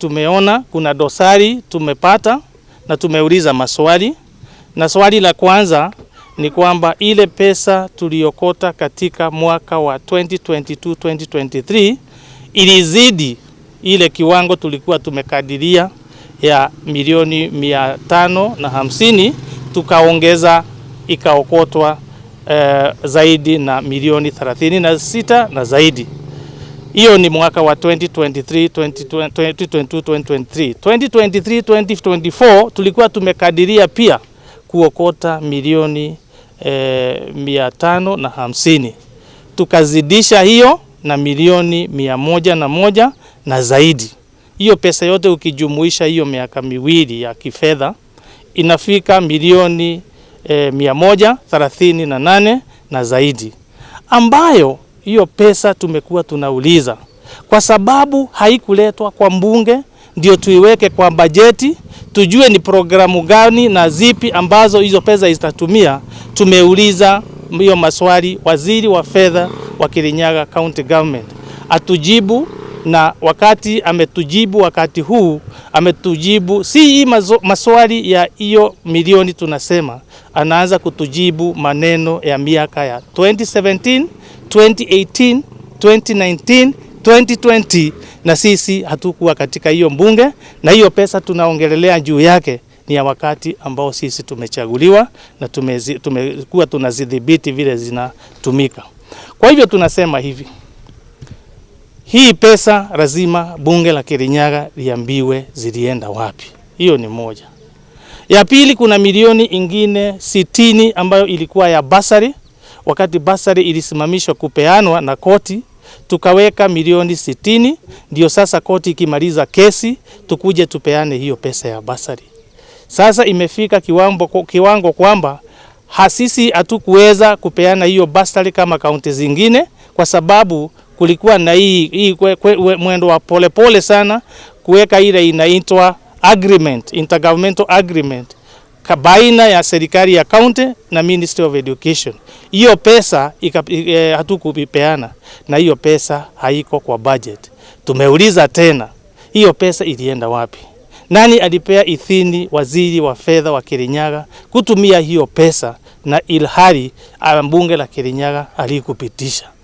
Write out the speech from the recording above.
Tumeona kuna dosari tumepata na tumeuliza maswali, na swali la kwanza ni kwamba ile pesa tuliokota katika mwaka wa 2022 2023 ilizidi ile kiwango tulikuwa tumekadiria ya milioni mia tano na hamsini, tukaongeza ikaokotwa eh, zaidi na milioni 36 na zaidi hiyo ni mwaka wa 2023, 2022, 2023. 2023, 2024 tulikuwa tumekadiria pia kuokota milioni eh, mia tano na hamsini tukazidisha hiyo na milioni mia moja na moja na zaidi. Hiyo pesa yote ukijumuisha hiyo miaka miwili ya kifedha inafika milioni eh, mia moja thelathini na nane na zaidi ambayo hiyo pesa tumekuwa tunauliza kwa sababu haikuletwa kwa mbunge, ndio tuiweke kwa bajeti, tujue ni programu gani na zipi ambazo hizo pesa zitatumia. Tumeuliza hiyo maswali waziri wa fedha wa Kirinyaga County Government atujibu, na wakati ametujibu, wakati huu ametujibu si hii maswali ya hiyo milioni tunasema, anaanza kutujibu maneno ya miaka ya 2017 2018, 2019, 2020 na sisi hatukuwa katika hiyo mbunge, na hiyo pesa tunaongelelea juu yake ni ya wakati ambao sisi tumechaguliwa na tumekuwa tume, tunazidhibiti vile zinatumika. Kwa hivyo tunasema hivi, hii pesa lazima bunge la Kirinyaga liambiwe zilienda wapi. Hiyo ni moja. Ya pili, kuna milioni ingine sitini ambayo ilikuwa ya basari wakati basari ilisimamishwa kupeanwa na koti tukaweka milioni sitini. Ndio sasa koti ikimaliza kesi tukuje tupeane hiyo pesa ya basari. Sasa imefika kiwango, kiwango kwamba hasisi hatukuweza kupeana hiyo basari kama kaunti zingine, kwa sababu kulikuwa na hii, hii mwendo wa polepole pole sana kuweka ile inaitwa agreement intergovernmental agreement baina ya serikali ya kaunti na Ministry of Education. Hiyo pesa e, hatukupeana na hiyo pesa haiko kwa budget. Tumeuliza tena hiyo pesa ilienda wapi? Nani alipea idhini waziri wa fedha wa Kirinyaga kutumia hiyo pesa na ilhali bunge la Kirinyaga alikupitisha?